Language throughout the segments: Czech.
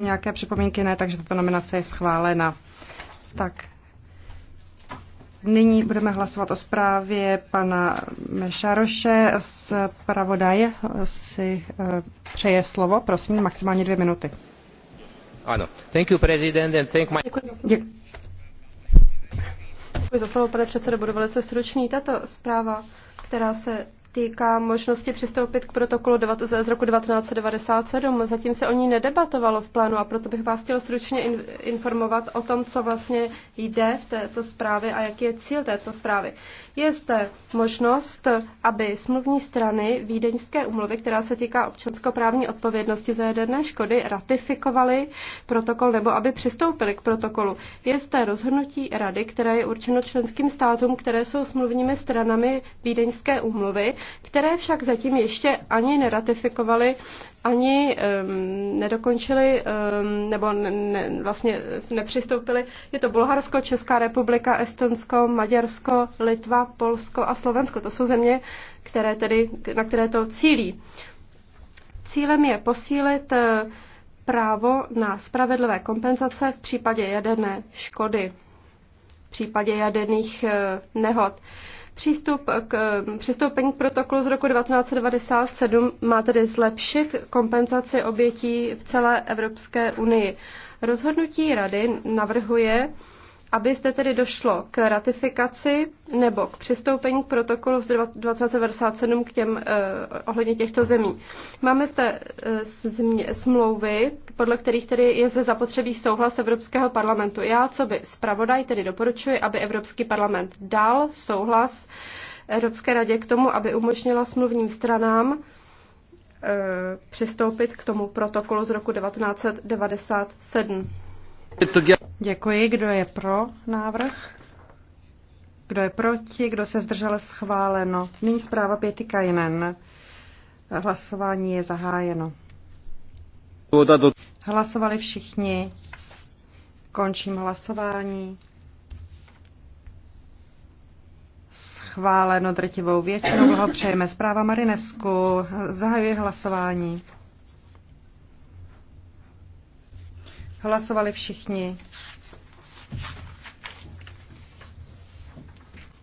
Nějaké připomínky ne, takže tato nominace je schválena. Tak. Nyní budeme hlasovat o zprávě pana Mešaroše. Zpravodaj si eh, přeje slovo, prosím, maximálně dvě minuty. Ano. Thank you, president, and thank my... Děkuji. Děkuji. Děkuji za slovo, pane předsedo, budu velice stručný. Tato zpráva, která se týká možnosti přistoupit k protokolu z roku 1997. Zatím se o ní nedebatovalo v plánu a proto bych vás chtěl stručně informovat o tom, co vlastně jde v této zprávě a jaký je cíl této zprávy. Je zde možnost, aby smluvní strany Vídeňské umluvy, která se týká občanskoprávní odpovědnosti za jaderné škody, ratifikovaly protokol nebo aby přistoupili k protokolu. Je zde rozhodnutí rady, které je určeno členským státům, které jsou smluvními stranami Vídeňské úmluvy které však zatím ještě ani neratifikovali, ani um, nedokončili, um, nebo ne, ne, vlastně nepřistoupili. Je to Bulharsko, Česká republika, Estonsko, Maďarsko, Litva, Polsko a Slovensko. To jsou země, které tedy, na které to cílí. Cílem je posílit eh, právo na spravedlivé kompenzace v případě jaderné škody, v případě jaderných eh, nehod. Přístup k přistoupení k protokolu z roku 1997 má tedy zlepšit kompenzaci obětí v celé Evropské unii. Rozhodnutí Rady navrhuje aby zde tedy došlo k ratifikaci nebo k přistoupení k protokolu z 2097 k těm, eh, ohledně těchto zemí. Máme zde eh, smlouvy, podle kterých tedy je zde zapotřebí souhlas Evropského parlamentu. Já, co by zpravodaj, tedy doporučuji, aby Evropský parlament dal souhlas Evropské radě k tomu, aby umožnila smluvním stranám eh, přistoupit k tomu protokolu z roku 1997. Děkuji. Kdo je pro návrh? Kdo je proti? Kdo se zdržel? Schváleno. Nyní zpráva pěti Kajnen. Hlasování je zahájeno. Hlasovali všichni. Končím hlasování. Schváleno drtivou většinou. Blahopřejeme zpráva Marinesku. Zahajuji hlasování. Hlasovali všichni.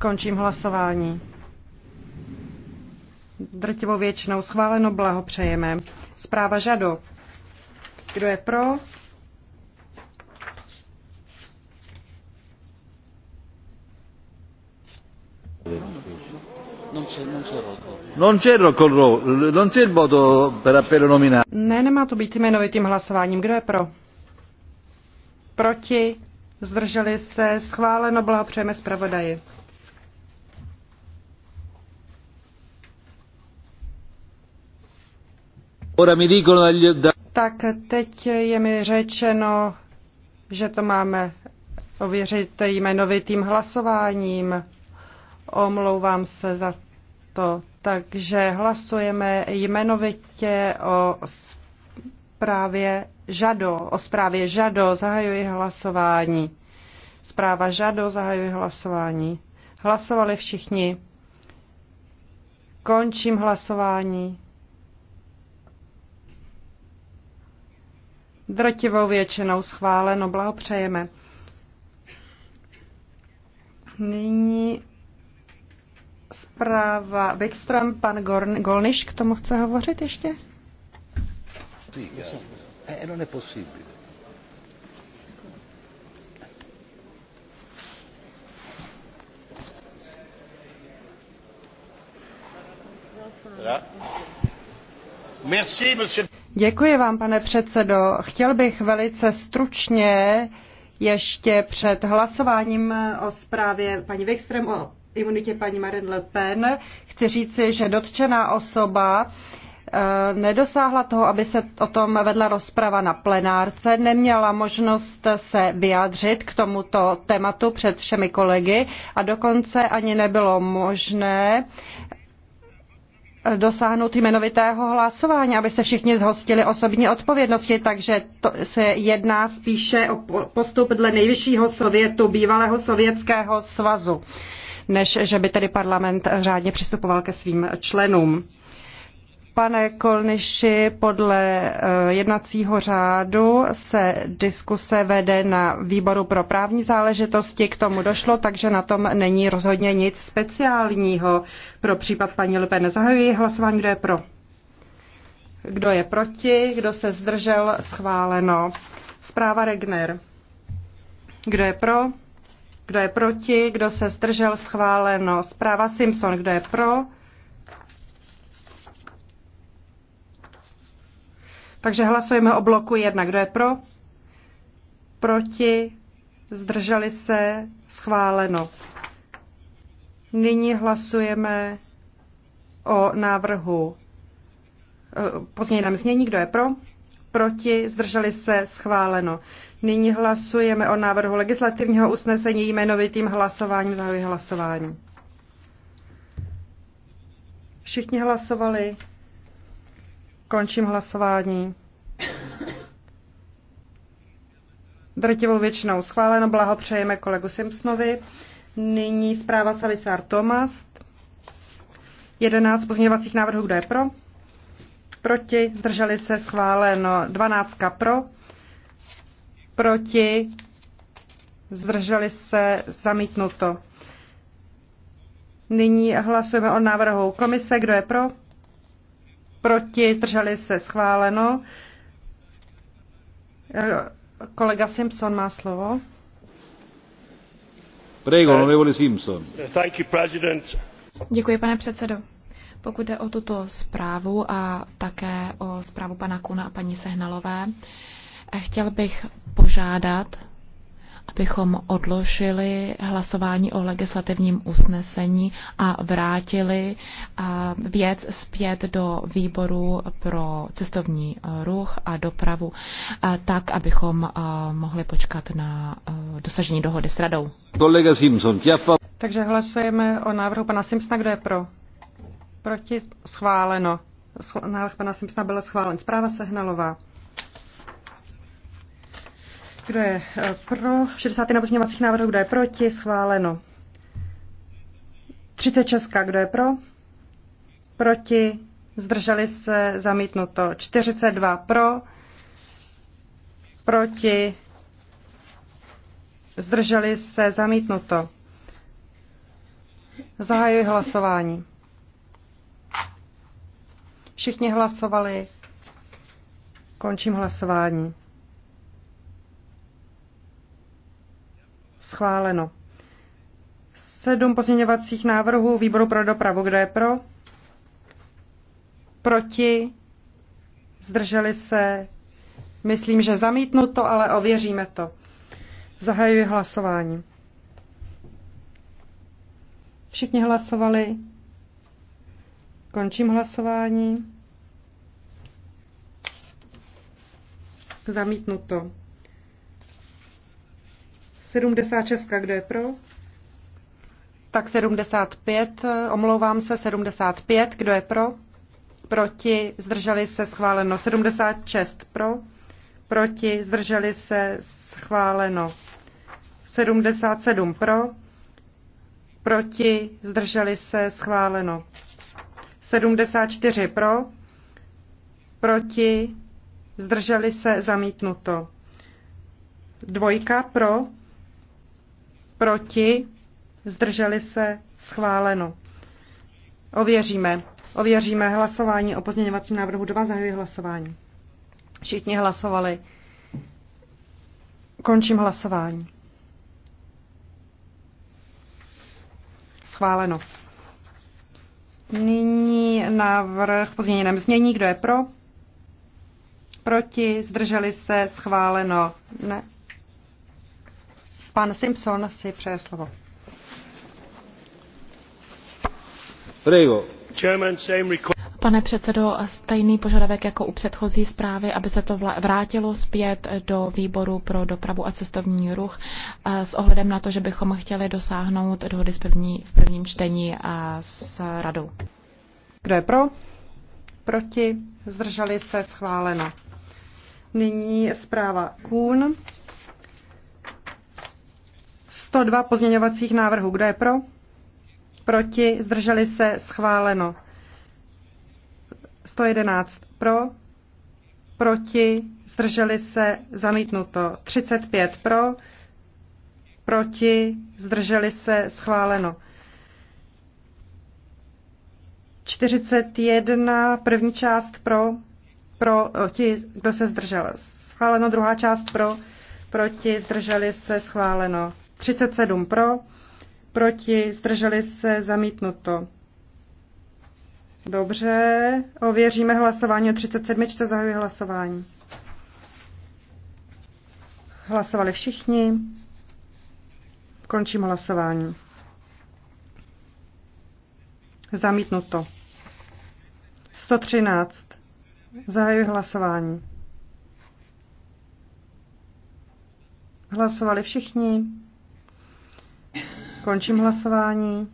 Končím hlasování. Drtivou většinou schváleno blahopřejeme. Zpráva žado. Kdo je pro? Non non per Ne, nemá to být jmenovitým hlasováním. Kdo je pro? proti, zdrželi se, schváleno, blahopřejeme zpravodaji. Tak teď je mi řečeno, že to máme ověřit jmenovitým hlasováním. Omlouvám se za to. Takže hlasujeme jmenovitě o právě Žado, o zprávě Žado zahajuji hlasování. Zpráva Žado zahajuji hlasování. Hlasovali všichni. Končím hlasování. Drtivou většinou schváleno, blahopřejeme. Nyní zpráva Wikström, pan Gorn, Golniš k tomu chce hovořit ještě? dica. Eh, eh, non è possibile. Děkuji vám, pane předsedo. Chtěl bych velice stručně ještě před hlasováním o zprávě paní Wikström o imunitě paní Marine Le Pen chci říci, že dotčená osoba Eh, nedosáhla toho, aby se o tom vedla rozprava na plenárce, neměla možnost se vyjádřit k tomuto tématu před všemi kolegy a dokonce ani nebylo možné dosáhnout jmenovitého hlasování, aby se všichni zhostili osobní odpovědnosti, takže to se jedná spíše o postup dle nejvyššího sovětu, bývalého sovětského svazu, než že by tedy parlament řádně přistupoval ke svým členům. Pane Kolniši, podle eh, jednacího řádu se diskuse vede na výboru pro právní záležitosti, k tomu došlo, takže na tom není rozhodně nic speciálního. Pro případ paní Lepen zahajuji hlasování, kdo je pro. Kdo je proti, kdo se zdržel, schváleno. Zpráva Regner. Kdo je pro? Kdo je proti? Kdo se zdržel? Schváleno. Zpráva Simpson. Kdo je pro? Takže hlasujeme o bloku 1. Kdo je pro? Proti? Zdrželi se? Schváleno. Nyní hlasujeme o návrhu eh, pozměněném změní. Kdo je pro? Proti? Zdrželi se? Schváleno. Nyní hlasujeme o návrhu legislativního usnesení jmenovitým hlasováním. Zahajuji hlasování. Všichni hlasovali. Končím hlasování. Drtivou většinou schváleno, blahopřejeme kolegu Simpsonovi. Nyní zpráva Salisár Tomas. 11 pozměňovacích návrhů, kdo je pro? Proti, zdrželi se, schváleno 12 pro. Proti, zdrželi se, zamítnuto. Nyní hlasujeme o návrhu komise, kdo je pro? proti, zdrželi se schváleno. Kolega Simpson má slovo. Prego, onorevole Simpson. Thank you, President. Děkuji, pane předsedo. Pokud jde o tuto zprávu a také o zprávu pana Kuna a paní Sehnalové, eh, chtěl bych požádat abychom odložili hlasování o legislativním usnesení a vrátili věc zpět do výboru pro cestovní e, ruch a dopravu, e, tak, abychom e, mohli počkat na dosažení dohody s radou. Kolega Simpson, Takže hlasujeme o návrhu pana Simpsona, kdo je pro? Proti schváleno. Návrh pana Simpsona byl schválen. Zpráva Sehnalová. Kdo je eh, pro? 60. na pozměňovacích návrhů, kdo je proti? Schváleno. 36. Kdo je pro? Proti? Zdrželi se? Zamítnuto. 42. Pro? Proti? Zdrželi se? Zamítnuto. Zahajuji hlasování. Všichni hlasovali. Končím hlasování. Schváleno. Sedm pozměňovacích návrhů výboru pro dopravu. Kdo je pro? Proti? Zdrželi se? Myslím, že to, ale ověříme to. Zahajuji hlasování. Všichni hlasovali. Končím hlasování. Zamítnuto. 76, kdo je pro? Tak 75, omlouvám se, 75, kdo je pro? Proti, zdrželi se, schváleno. 76 pro, proti, zdrželi se, schváleno. 77 pro, proti, zdrželi se, schváleno. 74 pro, proti, zdrželi se, zamítnuto. Dvojka pro, proti, zdrželi se, schváleno. Ověříme. Ověříme hlasování o pozměňovacím návrhu 2. Zahajuji hlasování. Všichni hlasovali. Končím hlasování. Schváleno. Nyní návrh v pozměněném znění. Kdo je pro? Proti? Zdrželi se? Schváleno? Ne. Pan Simpson si přeje slovo. Prego. Pane předsedo, stejný požadavek jako u předchozí zprávy, aby se to vrátilo zpět do výboru pro dopravu a cestovní ruch eh, s ohledem na to, že bychom chtěli dosáhnout dohody z první, v prvním čtení a eh, s radou. Kdo je pro? Proti? Zdrželi se? Schváleno. Nyní zpráva Kuhn. 102 pozměňovacích návrhů. Kdo je pro? Proti? Zdrželi se? Schváleno. 111 pro? Proti? Zdrželi se? Zamítnuto. 35 pro? Proti? Zdrželi se? Schváleno. 41, první část pro, pro ti, kdo se zdržel. Schváleno, druhá část pro, proti, zdrželi se, schváleno. 37 pro, proti, zdrželi se, zamítnuto. Dobře, ověříme hlasování o 37. Zahajuji hlasování. Hlasovali všichni. Končím hlasování. Zamítnuto. 113. Zahajuji hlasování. Hlasovali všichni. Končím hlasování.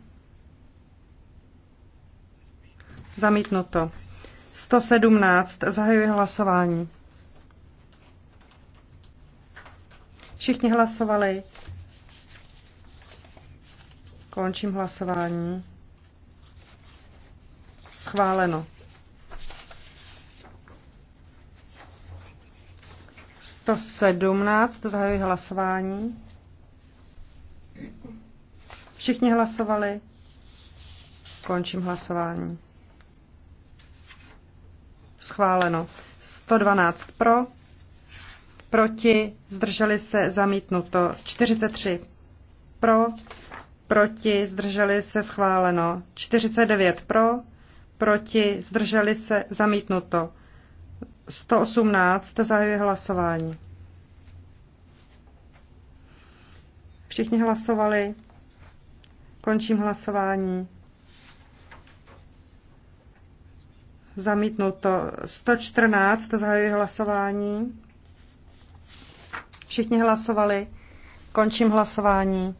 Zamítnuto. 117. Zahajuji hlasování. Všichni hlasovali. Končím hlasování. Schváleno. 117. Zahajuji hlasování. Všichni hlasovali. Končím hlasování. Schváleno. 112 pro, proti, zdrželi se, zamítnuto. 43 pro, proti, zdrželi se, schváleno. 49 pro, proti, zdrželi se, zamítnuto. 118 zahajuje hlasování. Všichni hlasovali. Končím hlasování. Zamítnuto 114, zahajuji hlasování. Všichni hlasovali. Končím hlasování.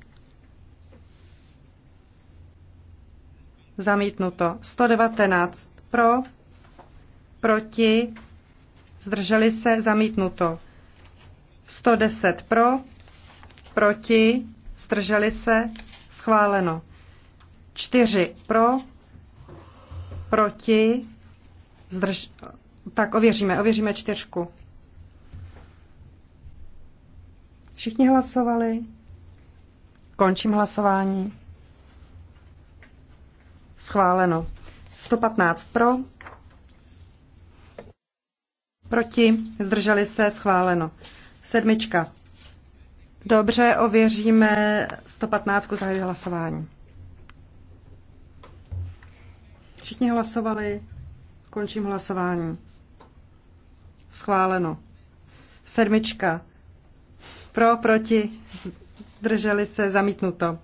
Zamítnuto 119 pro, proti, zdrželi se, zamítnuto 110 pro, proti, zdrželi se, schváleno. 4 pro, proti, zdrž... Tak, ověříme, ověříme čtyřku. Všichni hlasovali. Končím hlasování. Schváleno. 115 pro. Proti. Zdrželi se. Schváleno. Sedmička Dobře, ověříme 115. Zahajuji hlasování. Všichni hlasovali. Končím hlasování. Schváleno. Sedmička. Pro, proti, drželi se, zamítnuto.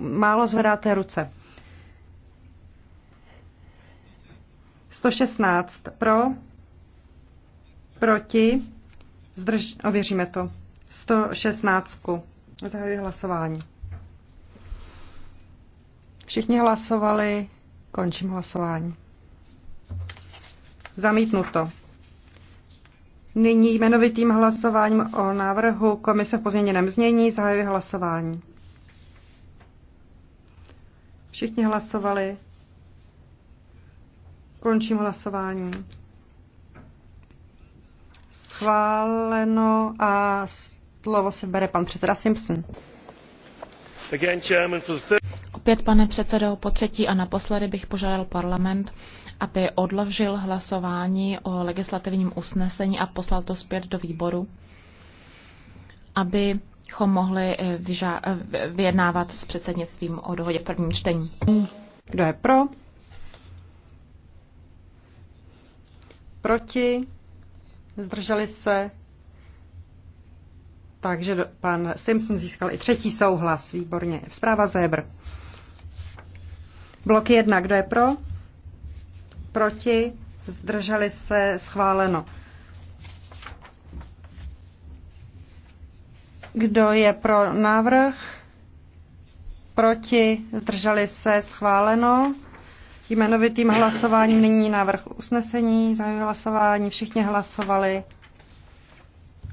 Málo zvedáte ruce. 116 pro, proti, zdrž, ověříme to. 116. Zahajuji hlasování. Všichni hlasovali, končím hlasování. Zamítnuto. Nyní jmenovitým hlasováním o návrhu komise v pozměněném změní zahajuji hlasování. Všichni hlasovali. Končím hlasování. Schváleno a Slovo se bere pan předseda Simpson. Opět, pane předsedo, po třetí a naposledy bych požádal parlament, aby odložil hlasování o legislativním usnesení a poslal to zpět do výboru, abychom mohli eh, eh, vyjednávat s předsednictvím o dohodě v prvním čtení. Kdo je pro? Proti? Zdrželi se? Takže pan Simpson získal i třetí souhlas. Výborně. Zpráva Zebr. Blok 1. Kdo je pro? Proti? Zdrželi se? Schváleno. Kdo je pro návrh? Proti? Zdrželi se? Schváleno. Jmenovitým hlasováním nyní návrh usnesení. Zajímavé hlasování. Všichni hlasovali.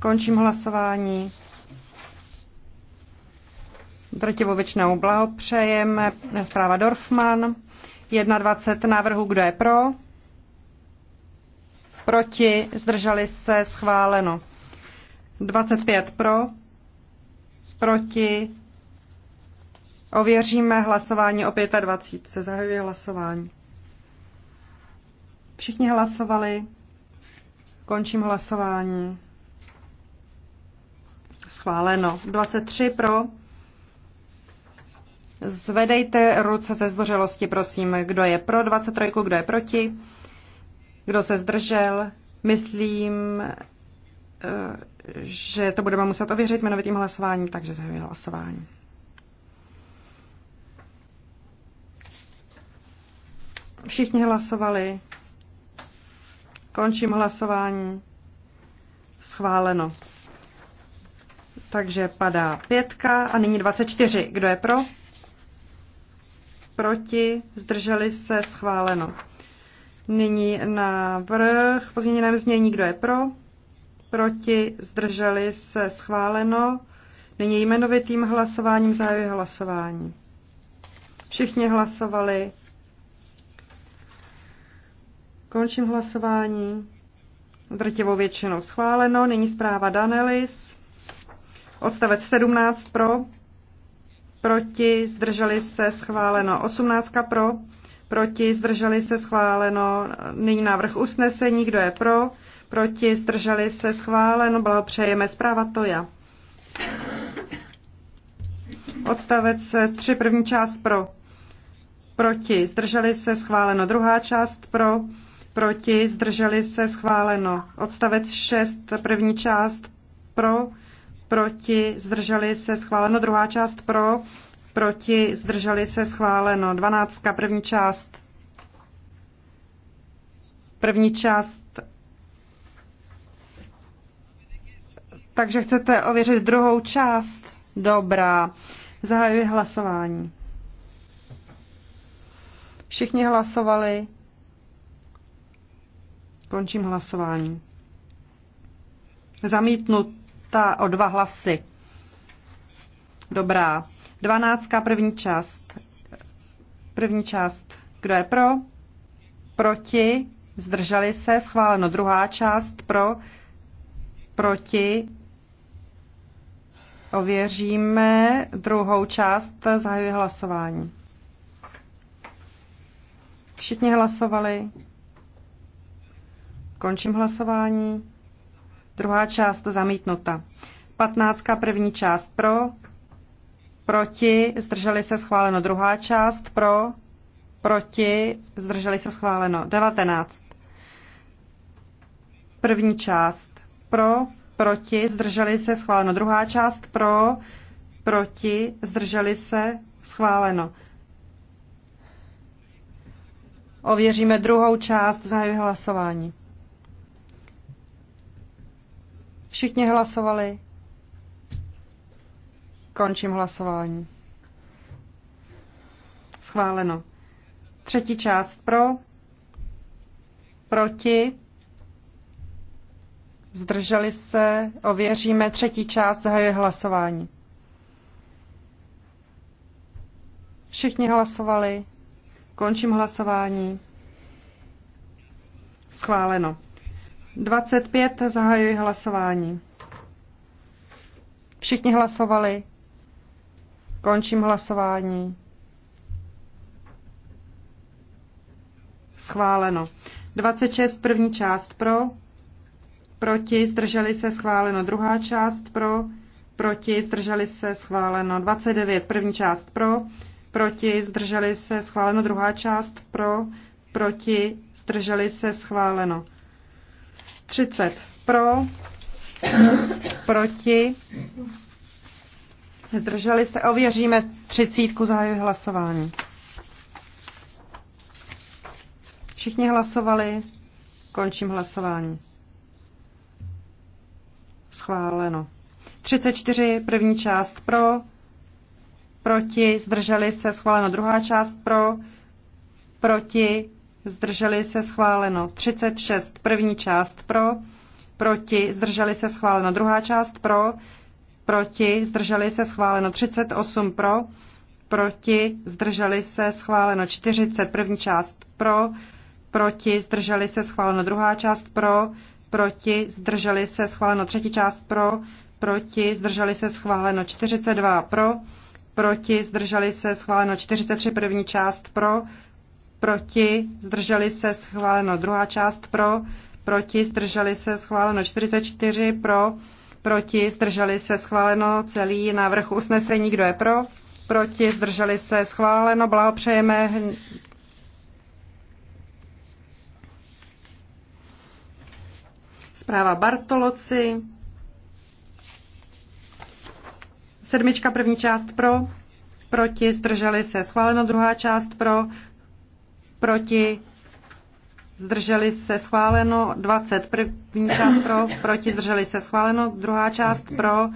Končím hlasování. Drtivou většinou blahopřejeme. Zpráva Dorfman. 21 návrhů, kdo je pro? Proti, zdrželi se, schváleno. 25 pro, proti, ověříme hlasování o 25. Zahajuje hlasování. Všichni hlasovali. Končím hlasování. Schváleno. 23 pro. Zvedejte ruce ze zdvořilosti, prosím. Kdo je pro 23, kdo je proti? Kdo se zdržel? Myslím, eh, že to budeme muset ověřit jmenovitým hlasováním, takže zahajuji hlasování. Všichni hlasovali. Končím hlasování. Schváleno. Takže padá pětka a nyní 24. Kdo je pro? Proti? Zdrželi se? Schváleno. Nyní návrh pozměněném znění. Kdo je pro? Proti? Zdrželi se? Schváleno. Nyní jmenovitým hlasováním zájevy hlasování. Všichni hlasovali. Končím hlasování. Drtivou většinou schváleno. Nyní zpráva Danelis. Odstavec 17 pro, proti, zdrželi se, schváleno. 18 pro, proti, zdrželi se, schváleno. Nyní návrh usnesení, kdo je pro, proti, zdrželi se, schváleno. bylo přejeme zpráva to já. Odstavec 3, první část pro, proti, zdrželi se, schváleno. Druhá část pro, proti, zdrželi se, schváleno. Odstavec 6, první část pro, proti, zdrželi se schváleno, druhá část pro, proti, zdrželi se schváleno, dvanáctka, první část, první část. Takže chcete ověřit druhou část? Dobrá. Zahajuji hlasování. Všichni hlasovali. Končím hlasování. Zamítnut ta, o dva hlasy. Dobrá. Dvanáctka, první část. První část. Kdo je pro? Proti? Zdrželi se? Schváleno. Druhá část. Pro? Proti? Ověříme druhou část. Zahajuji hlasování. Všichni hlasovali. Končím hlasování. Druhá část zamítnuta. 15. První část pro, proti, zdrželi se schváleno. Druhá část pro, proti, zdrželi se schváleno. 19. První část pro, proti, zdrželi se schváleno. Druhá část pro, proti, zdrželi se schváleno. Ověříme druhou část zahajuji hlasování. Všichni hlasovali. Končím hlasování. Schváleno. Třetí část pro, proti, zdrželi se, ověříme. Třetí část zahajuje hlasování. Všichni hlasovali. Končím hlasování. Schváleno. 25 zahajuji hlasování. Všichni hlasovali. Končím hlasování. Schváleno. 26 první část pro, proti, zdrželi se schváleno. Druhá část pro, proti, zdrželi se schváleno. 29 první část pro, proti, zdrželi se schváleno. Druhá část pro, proti, zdrželi se schváleno. 30 pro, proti, zdrželi se, ověříme 30 zahajuji hlasování. Všichni hlasovali, končím hlasování. Schváleno. 34, první část pro, proti, zdrželi se, schváleno druhá část pro, proti, zdrželi se schváleno 36, první část pro, proti, zdrželi se schváleno druhá část pro, proti, zdrželi se schváleno 38 pro, proti, zdrželi se schváleno 40, první část pro, proti, zdrželi se schváleno druhá část pro, proti, zdrželi se schváleno třetí část pro, proti, zdrželi se schváleno 42 pro, proti, zdrželi se schváleno 43 první část pro, proti, zdrželi se, schváleno. Druhá část pro, proti, zdrželi se, schváleno. 44 pro, proti, zdrželi se, schváleno. Celý návrh usnesení, kdo je pro, proti, zdrželi se, schváleno. Blahopřejeme Zpráva Bartoloci. Sedmička první část pro, proti, zdrželi se, schváleno druhá část pro, proti, zdrželi se schváleno 20, první část pro, proti, zdrželi se schváleno, druhá část pro,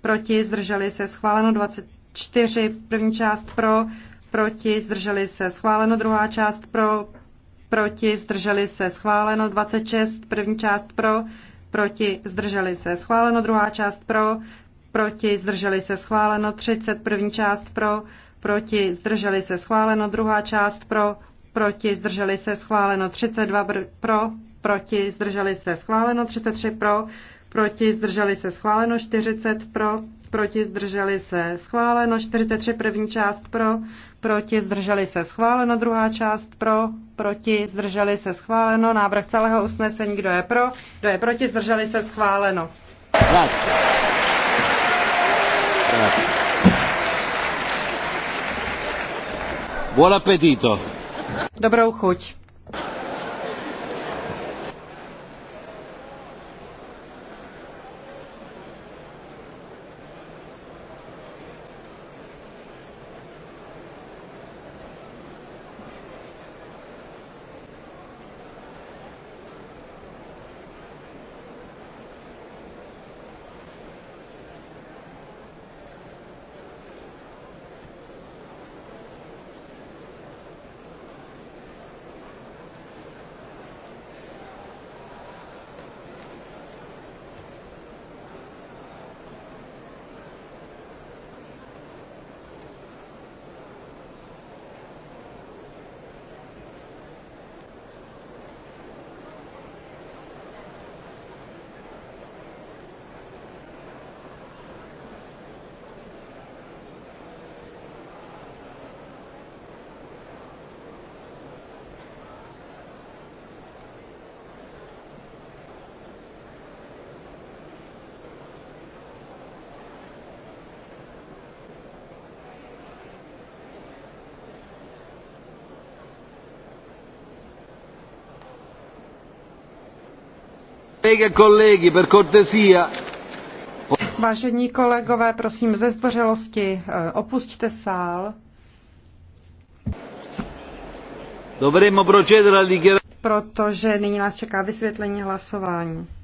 proti, zdrželi se schváleno 24, první část pro, proti, zdrželi se schváleno, druhá část pro, proti, zdrželi se schváleno 26, první část pro, proti, zdrželi se schváleno, druhá část pro, proti, zdrželi se schváleno 30, první část pro, proti, zdrželi se schváleno, druhá část pro, proti, zdrželi se, schváleno 32 pro, proti, zdrželi se, schváleno 33 pro, proti, zdrželi se, schváleno 40 pro, proti, zdrželi se, schváleno 43 první část pro, proti, zdrželi se, schváleno druhá část pro, proti, zdrželi se, schváleno návrh celého usnesení, kdo je pro, kdo je proti, zdrželi se, schváleno. Buon appetito! Dobrou chuť. E Vážení kolegové, prosím ze zdvořilosti eh, opusťte sál. Protože nyní nás čeká vysvětlení hlasování.